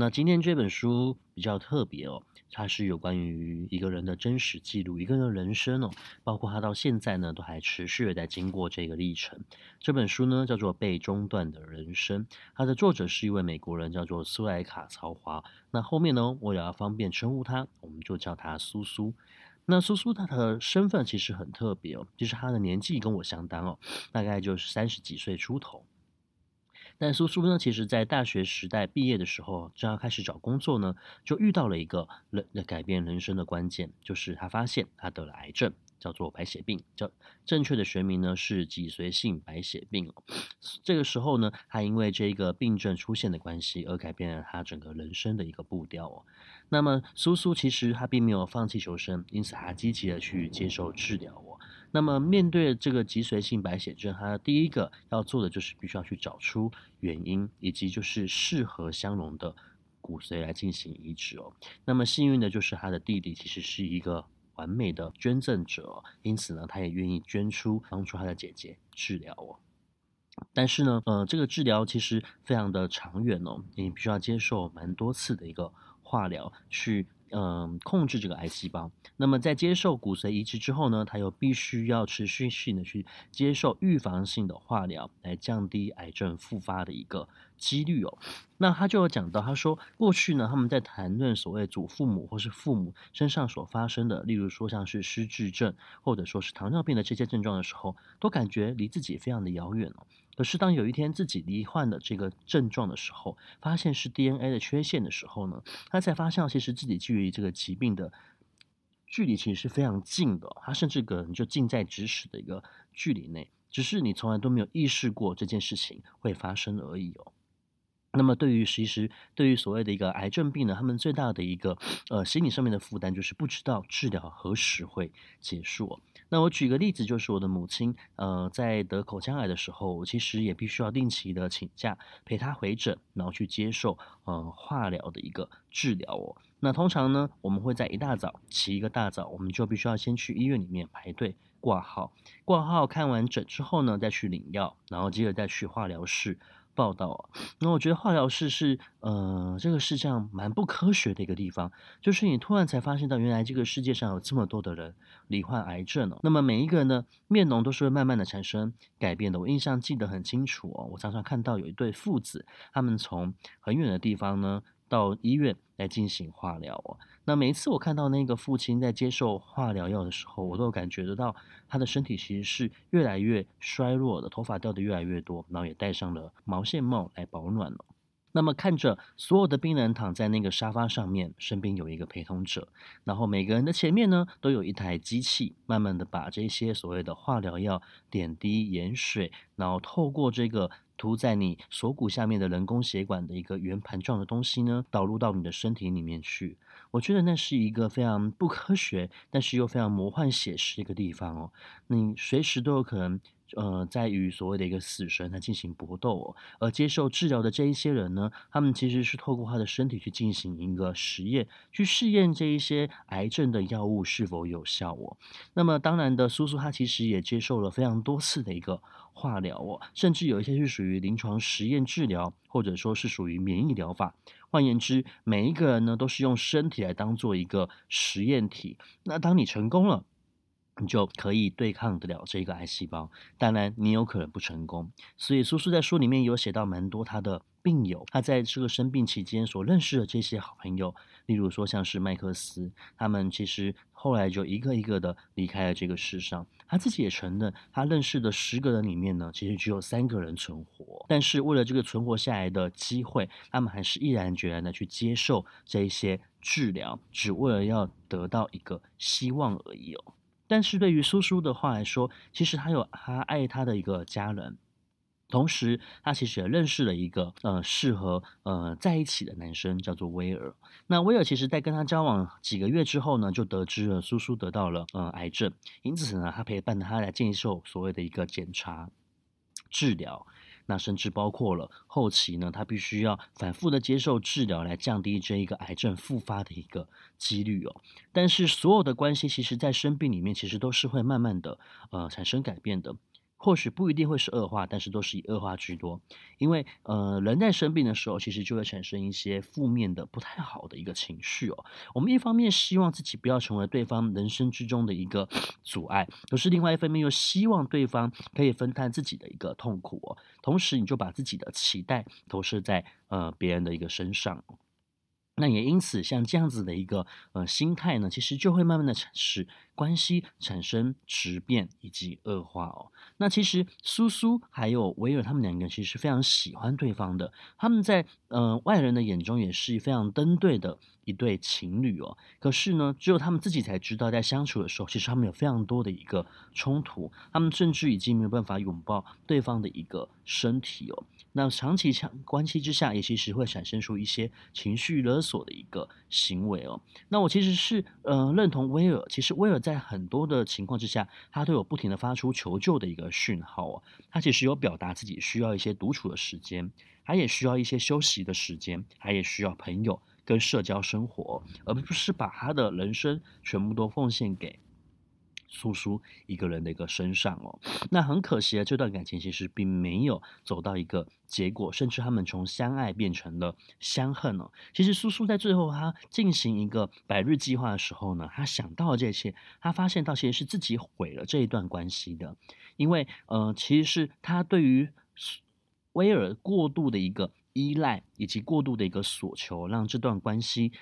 那今天這本書比較特別哦，它是有關於一個人的真實記錄，一個人的人生哦，包括他到現在呢都還持續在經過這個歷程。這本書呢叫做《被中斷的人生》，它的作者是一位美國人，叫做蘇萊卡曹華。那後面呢，我也要方便稱呼他，我們就叫他蘇蘇。那蘇蘇他的身份其實很特別哦，就是他的年紀跟我相當哦，大概就是三十幾歲出頭。但蘇蘇呢，其實在大學時代畢業的時候，正要開始找工作呢，就遇到了一個人的改變人生的關鍵，就是他發現他得了癌症，叫做白血病，叫正，正確的學名呢，是脊髓性白血病。這個時候呢，他因為這個病症出現的關係，而改變了他整個人生的一個步調哦。那麼蘇蘇其實他並沒有放棄求生，因此他積極的去接受治療。那麼面對這個脊髓性白血症，他的第一個要做的就是必須要去找出原因，以及就是適合相容的骨髓來進行移植哦。那麼幸運的就是他的弟弟其實是一個完美的捐贈者哦，因此呢，他也願意捐出幫助他的姐姐治療哦。但是呢，呃，這個治療其實非常的長遠哦，你必須要接受蠻多次的一個化療去。嗯，控制這個癌細胞。那麼在接受骨髓移植之後呢，他又必須要持續性的去接受預防性的化療，來降低癌症復發的一個幾率哦。那他就有講到，他說過去呢，他們在談論所謂祖父母或是父母身上所發生的，例如說像是失智症或者說是糖尿病的這些症狀的時候，都感覺離自己非常的遙遠哦。可是當有一天自己罹患了這個症狀的時候，發現是 DNA 的缺陷的時候呢，他才發現其實自己距離這個疾病的距離其實是非常近的，他甚至可能就近在咫尺的一個距離內，只是你從來都沒有意識過這件事情會發生而已哦。那麼對於其實對於所謂的一個癌症病呢，他們最大的一個呃心理上面的負擔就是不知道治療何時會結束。那我舉個例子，就是我的母親，呃，在得口腔癌的時候，我其實也必須要定期的請假陪她回診，然後去接受呃化療的一個治療哦。那通常呢，我們會在一大早起一個大早，我們就必須要先去醫院裡面排隊掛號，掛號看完診之後呢，再去領藥，然後接着再去化療室。報道啊、哦，那我覺得化療室是，呃，這個世界上蠻不科學的一個地方，就是你突然才發現到，原來這個世界上有這麼多的人罹患癌症哦。那麼每一個人呢，面容都是會慢慢的產生改變的。我印象記得很清楚哦，我常常看到有一對父子，他們從很遠的地方呢。到醫院來進行化療哦，那每一次我看到那個父親在接受化療藥的時候，我都感覺得到他的身體其實是越來越衰弱的，頭髮掉得越來越多，然後也戴上了毛線帽來保暖了哦。那麼看着所有的病人躺在那個沙發上面，身邊有一個陪同者，然後每個人的前面呢，都有一台機器，慢慢地把這些所謂的化療藥點滴鹽水，然後透過這個。塗在你鎖骨下面的人工血管的一個圓盤狀的東西呢，導入到你的身體裡面去。我覺得那是一個非常不科學，但是又非常魔幻寫實的一個地方哦。你隨時都有可能。呃，在與所謂的一個死神來進行搏鬥哦，而接受治療的這一些人呢，他們其實是透過他的身體去進行一個實驗，去試驗這一些癌症的藥物是否有效哦。那麼當然的，蘇蘇他其實也接受了非常多次的一個化療哦，甚至有一些是屬於臨床實驗治療，或者說是屬於免疫療法。換言之，每一個人呢都是用身體來當做一個實驗體。那當你成功了。你就可以對抗得了這個癌細胞。當然，你有可能不成功。所以，蘇蘇在書裡面有寫到蠻多他的病友，他在這個生病期間所認識的這些好朋友，例如說像是麥克斯，他們其實後來就一個一個的離開了這個世上。他自己也承認，他認識的十個人裡面呢，其實只有三個人存活。但是，為了這個存活下來的機會，他們還是毅然決然的去接受這一些治療，只為了要得到一個希望而已哦。但是對於蘇蘇的話來說，其實他有他愛他的一個家人，同時他其實也認識了一個呃適合呃在一起的男生，叫做威爾。那威爾其實在跟他交往幾個月之後呢，就得知了蘇蘇得到了呃癌症，因此呢，他陪伴他來接受所謂的一個檢查治療。那甚至包括了後期呢，他必須要反複的接受治療來降低這一個癌症復發的一個幾率哦。但是所有的關係，其實在生病裡面，其實都是會慢慢的呃產生改變的。或許不一定會是惡化，但是都是以惡化居多，因為呃人在生病的時候，其實就會產生一些負面的、不太好的一個情緒哦。我們一方面希望自己不要成為對方人生之中的一個阻礙，可是另外一方面又希望對方可以分擔自己的一個痛苦哦，同時你就把自己的期待投射在呃別人的一個身上。那也因此，像這樣子的一個呃心態呢，其實就會慢慢的使關係產生質變以及惡化哦。那其實蘇蘇還有威爾他們兩個人其實是非常喜歡對方的，他們在呃外人的眼中也是非常登對的一對情侶哦。可是呢，只有他們自己才知道，在相處的時候，其實他們有非常多的一個衝突，他們甚至已經沒有辦法擁抱對方的一個身體哦。那長期強關係之下，也其實會產生出一些情緒勒索的一個行為哦。那我其實是呃認同威爾，其實威爾在很多的情況之下，他都有不停的發出求救的一個訊號哦。他其實有表達自己需要一些獨處的時間，他也需要一些休息的時間，他也需要朋友跟社交生活，而不是把他的人生全部都奉獻給。蘇蘇一個人的一個身上哦，那很可惜啊，這段感情其實並沒有走到一個結果，甚至他們從相愛變成了相恨哦。其實蘇蘇在最後他進行一個百日計劃的時候呢，他想到了這些，他發現到其實是自己毀了這一段關係的，因為呃其實是他對於威爾過度的一個依賴以及過度的一個索求，讓這段關係。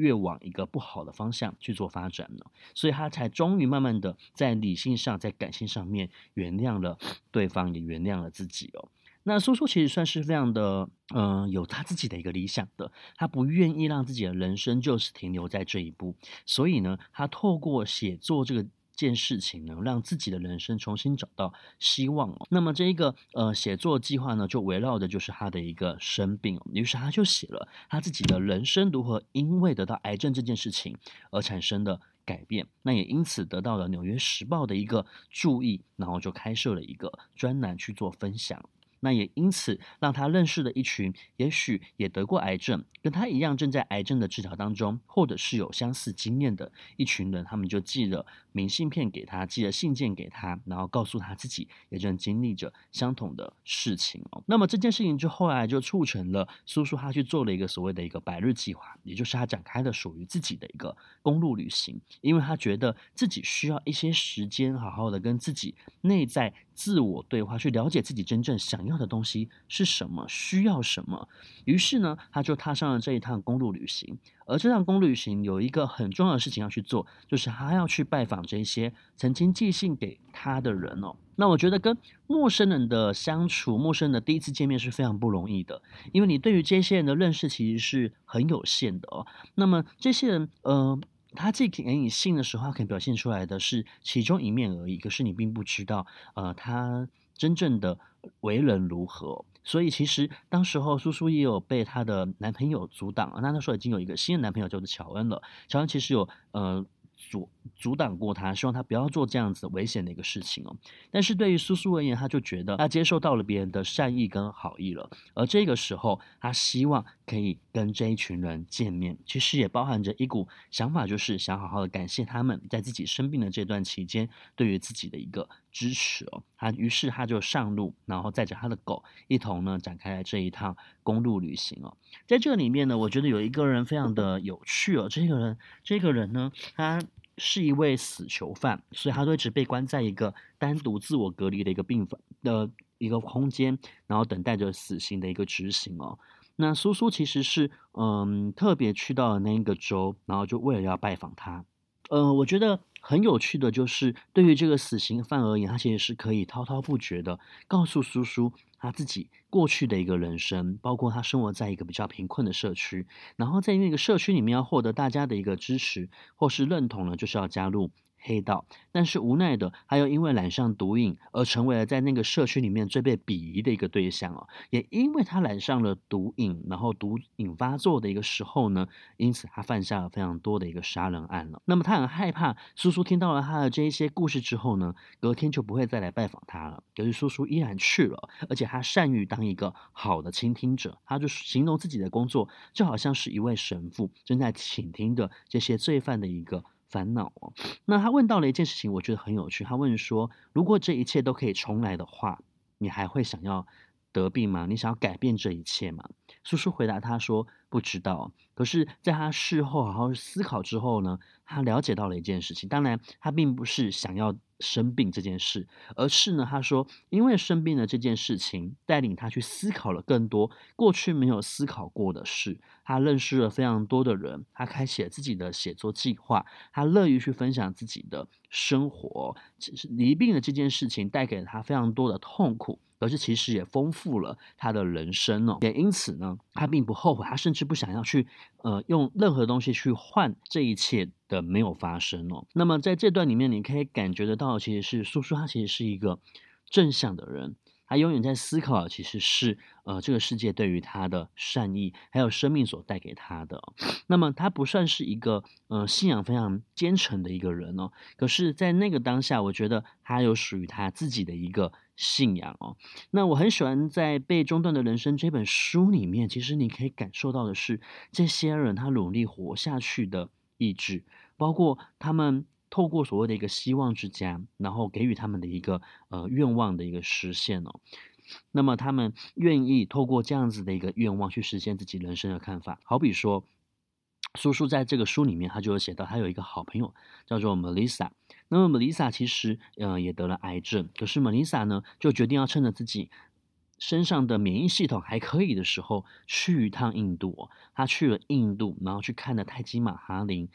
越往一個不好的方向去做發展了，所以他才終於慢慢的在理性上，在感性上面原諒了對方，也原諒了自己哦。那叔叔其實算是非常的，嗯，有他自己的一個理想的，他不願意讓自己的人生就是停留在這一步，所以呢，他透過寫作這個。件事情能讓自己的人生重新找到希望哦。那麼這一個呃寫作計劃呢，就圍繞着就是他的一個生病哦，於是他就寫了他自己的人生如何因為得到癌症這件事情而產生的改變。那也因此得到了《紐約時報》的一個注意，然後就開設了一個專欄去做分享。那也因此讓他認識了一群，也許也得過癌症，跟他一樣正在癌症的治療當中，或者是有相似經驗的一群人，他們就寄了明信片給他，寄了信件給他，然後告訴他自己也正經歷着相同的事情哦。那麼這件事情就後來就促成了叔叔他去做了一個所謂的一個百日計劃，也就是他展開了屬於自己的一個公路旅行，因為他覺得自己需要一些時間，好好的跟自己內在。自我對話，去了解自己真正想要的東西是什麼，需要什麼。於是呢，他就踏上了這一趟公路旅行。而這趟公路旅行有一個很重要的事情要去做，就是他要去拜訪這些曾經寄信給他的人哦。那我覺得跟陌生人的相處，陌生人的第一次見面是非常不容易的，因為你對於這些人的認識其實是很有限的哦。那麼這些人，呃……他自己給你信的時候，他可以表現出來的是其中一面而已。可是你並不知道，呃，他真正的為人如何。所以其實當時候，蘇蘇也有被她的男朋友阻擋。那那時候已經有一個新的男朋友，叫做喬恩了。喬恩其實有，呃。阻阻擋過他，希望他不要做這樣子危險的一個事情哦。但是對於蘇蘇而言，他就覺得他接受到了別人的善意跟好意了。而這個時候，他希望可以跟這一群人見面，其實也包含着一股想法，就是想好好的感謝他們在自己生病的這段期間，對於自己的一個。支持哦，他於是他就上路，然後帶着他的狗一同呢展開來這一趟公路旅行哦。在這裡面呢，我覺得有一個人非常的有趣哦，這個人，這個人呢，他是一位死囚犯，所以他都一直被關在一個單獨自我隔離的一個病房的一個空間，然後等待着死刑的一個執行哦。那蘇蘇其實是嗯特別去到了那個州，然後就為了要拜訪他，呃、嗯，我覺得。很有趣的就是，對於這個死刑犯而言，他其實是可以滔滔不絕的告訴叔叔他自己過去的一個人生，包括他生活在一個比較貧困的社區，然後在那個社區裡面要獲得大家的一個支持，或是認同呢，就是要加入。黑道，但是無奈的他又因為染上毒癮而成為了在那個社區裡面最被鄙夷的一個對象哦。也因為他染上了毒癮，然後毒癮發作的一個時候呢，因此他犯下了非常多的一個殺人案了。那麼他很害怕叔叔聽到了他的這一些故事之後呢，隔天就不會再來拜訪他了。可是叔叔依然去了，而且他善於當一個好的傾聽者，他就形容自己的工作就好像是一位神父正在傾聽的這些罪犯的一個。煩惱哦，那他問到了一件事情，我覺得很有趣。他問說，如果這一切都可以重來的話，你還會想要？得病嗎？你想要改變這一切嗎？叔叔回答他說：“不知道。”可是，在他事後好好思考之後呢，他了解到了一件事情。當然，他並不是想要生病這件事，而是呢，他說，因為生病的這件事情，帶領他去思考了更多過去沒有思考過的事。他認識了非常多的人，他開始了自己的寫作計劃，他樂於去分享自己的生活。其實，疾病的這件事情帶給了他非常多的痛苦。可是其實也豐富了他的人生哦，也因此呢，他並不後悔，他甚至不想要去，呃，用任何東西去換這一切的沒有發生哦。那麼在這段裡面，你可以感覺得到，其實是叔叔他其實是一個正向的人，他永遠在思考，其實是呃這個世界對於他的善意，還有生命所帶給他的。那麼他不算是一個呃信仰非常虔誠的一個人哦，可是，在那個當下，我覺得他有屬於他自己的一個。信仰哦，那我很喜歡在《被中斷的人生》這本書裡面，其實你可以感受到的是，這些人他努力活下去的意志，包括他們透過所謂的一個希望之家，然後給予他們的一個呃願望的一個實現哦。那麼他們願意透過這樣子的一個願望去實現自己人生的看法，好比說。叔叔在這個書裡面，他就有寫到，他有一個好朋友叫做 Melissa。那麼 Melissa 其實，嗯、呃，也得了癌症，可是 Melissa 呢，就決定要趁着自己身上的免疫系統還可以的時候，去一趟印度。他去了印度，然後去看了泰姬瑪哈陵，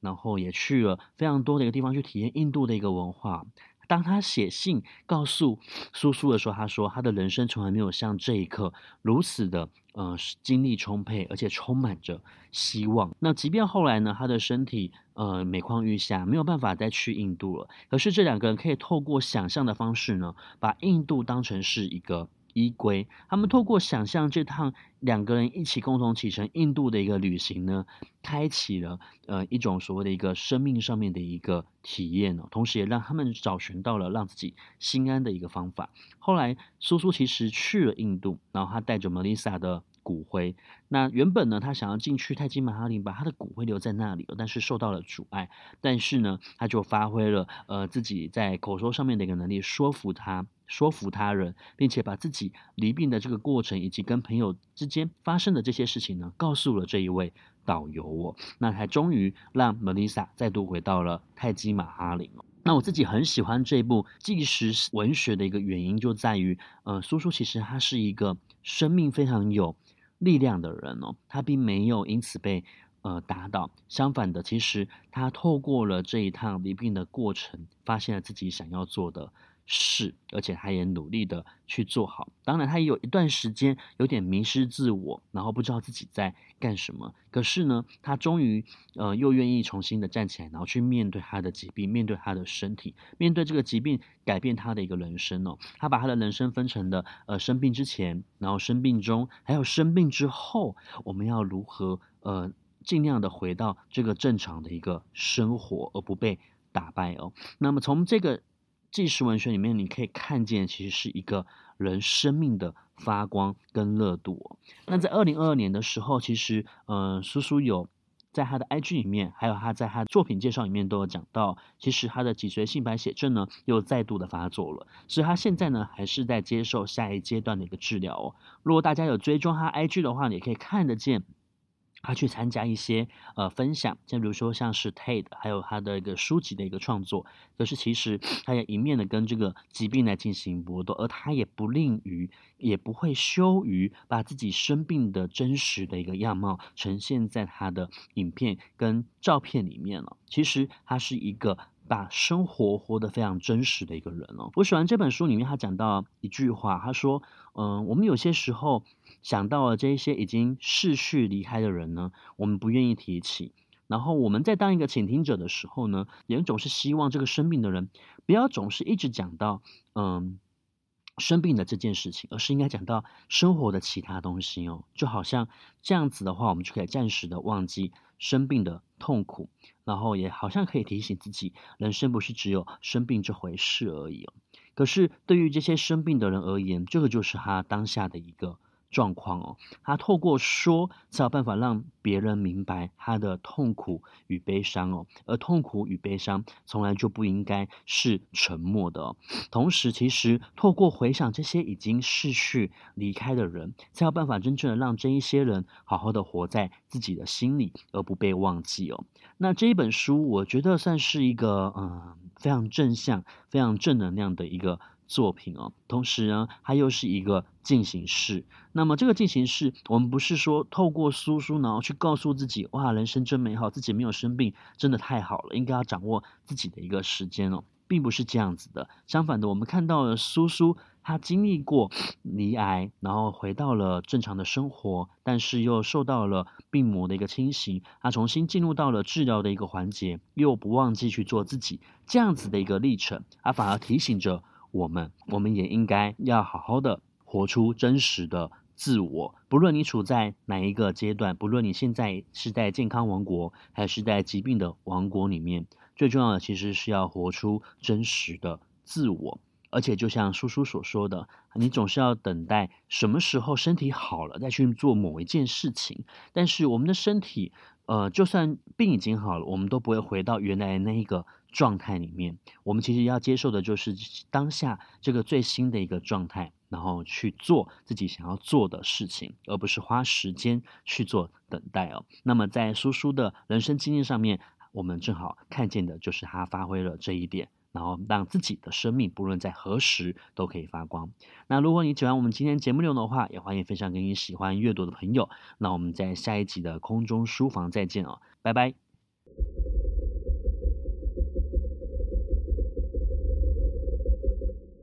然後也去了非常多的一個地方，去體驗印度的一個文化。當他寫信告訴蘇蘇的時候，他說他的人生從來沒有像這一刻如此的，呃，精力充沛，而且充滿着希望。那即便後來呢，他的身體呃每況愈下，沒有辦法再去印度了。可是這兩個人可以透過想象的方式呢，把印度當成是一個。依規，他們透過想象這趟兩個人一起共同啟程印度的一個旅行呢，開啟了呃一種所謂的一個生命上面的一個體驗呢，同時也讓他們找尋到了讓自己心安的一個方法。後來，蘇蘇其實去了印度，然後他帶着 Melissa 的骨灰，那原本呢，他想要進去泰姬瑪哈陵，把他的骨灰留在那裡，但是受到了阻礙。但是呢，他就發揮了呃自己在口說上面的一個能力，說服他，說服他人，並且把自己罹病的這個過程，以及跟朋友之間發生的這些事情呢，告訴了這一位導遊哦。那他終於讓 Melissa 再度回到了泰姬瑪哈陵哦。那我自己很喜歡這部紀實文學的一個原因，就在於呃，蘇蘇其實他是一個生命非常有。力量的人哦，他並沒有因此被呃打倒，相反的，其實他透過了這一趟罹病的過程，發現了自己想要做的。是，而且他也努力的去做好。當然，他也有一段時間有點迷失自我，然後不知道自己在幹什麼。可是呢，他終於呃又願意重新的站起來，然後去面對他的疾病，面對他的身體，面對這個疾病改變他的一個人生哦。他把他的人生分成了呃生病之前，然後生病中，還有生病之後。我們後，我們要如何呃盡量的回到這個正常的一個生活，而不被打敗哦？敗哦。那麼從這個。紀實文學裡面，你可以看見其實是一個人生命的發光跟熱度哦。那在二零二二年的時候，其實，呃，叔叔有在他的 IG 裡面，還有他在他的作品介紹裡面都有講到，其實他的脊髓性白血症呢又再度的發作了，所以他現在呢還是在接受下一階段的一個治療哦。如果大家有追蹤他 IG 的話，你可以看得見。他去參加一些呃分享，像比如說像是 TED 還有他的一個書籍的一個創作，可是其實他也一面的跟這個疾病來進行搏鬥，而他也不吝於，也不會羞於把自己生病的真實的一個樣貌呈現在他的影片跟照片裡面了、哦。其實他是一個把生活活得非常真實的一個人哦。我喜歡這本書裡面他講到一句話，他說：“嗯、呃，我們有些時候。”想到了這些已經逝去離開的人呢，我們不願意提起。然後我們在當一個傾聽者的時候呢，也總是希望這個生病的人不要總是一直講到嗯生病的這件事情，而是應該講到生活的其他東西哦。就好像這樣子的話，我們就可以暫時的忘記生病的痛苦，然後也好像可以提醒自己，人生不是只有生病這回事而已哦。可是對於這些生病的人而言，這個就是他當下的一個。狀況哦，他透過說才有辦法讓別人明白他的痛苦與悲傷哦，而痛苦與悲傷從來就不應該是沉默的哦。同時，其實透過回想這些已經逝去離開的人，才有辦法真正的讓這一些人好好的活在自己的心裡，而不被忘記哦。那這一本書，我覺得算是一個嗯，非常正向、非常正能量的一個。作品哦，同時呢，它又是一個進行式。那麼這個進行式，我們不是說透過蘇蘇然後去告訴自己，哇，人生真美好，自己沒有生病真的太好了，應該要掌握自己的一個時間哦，並不是這樣子的。相反的，我們看到了蘇蘇，他經歷過罹癌，然後回到了正常的生活，但是又受到了病魔的一個侵襲，他重新進入到了治療的一個環節，又不忘記去做自己，這樣子的一個歷程，他反而提醒着。我們，我們也應該要好好的活出真實的自我。不論你處在哪一個階段，不論你現在是在健康王國，還是在疾病的王國裡面，最重要的其實是要活出真實的自我。而且，就像叔叔所說的，你總是要等待什麼時候身體好了再去做某一件事情。但是，我們的身體，呃，就算病已經好了，我們都不會回到原來的那一個。狀態裡面，我們其實要接受的就是當下這個最新的一個狀態，然後去做自己想要做的事情，而不是花時間去做等待哦。那麼在叔叔的人生經歷上面，我們正好看見的就是他發揮了這一點，然後讓自己的生命不論在何時都可以發光。那如果你喜歡我們今天節目內容的話，也歡迎分享給你喜歡閱讀的朋友。那我們在下一集的空中書房再見哦，拜拜。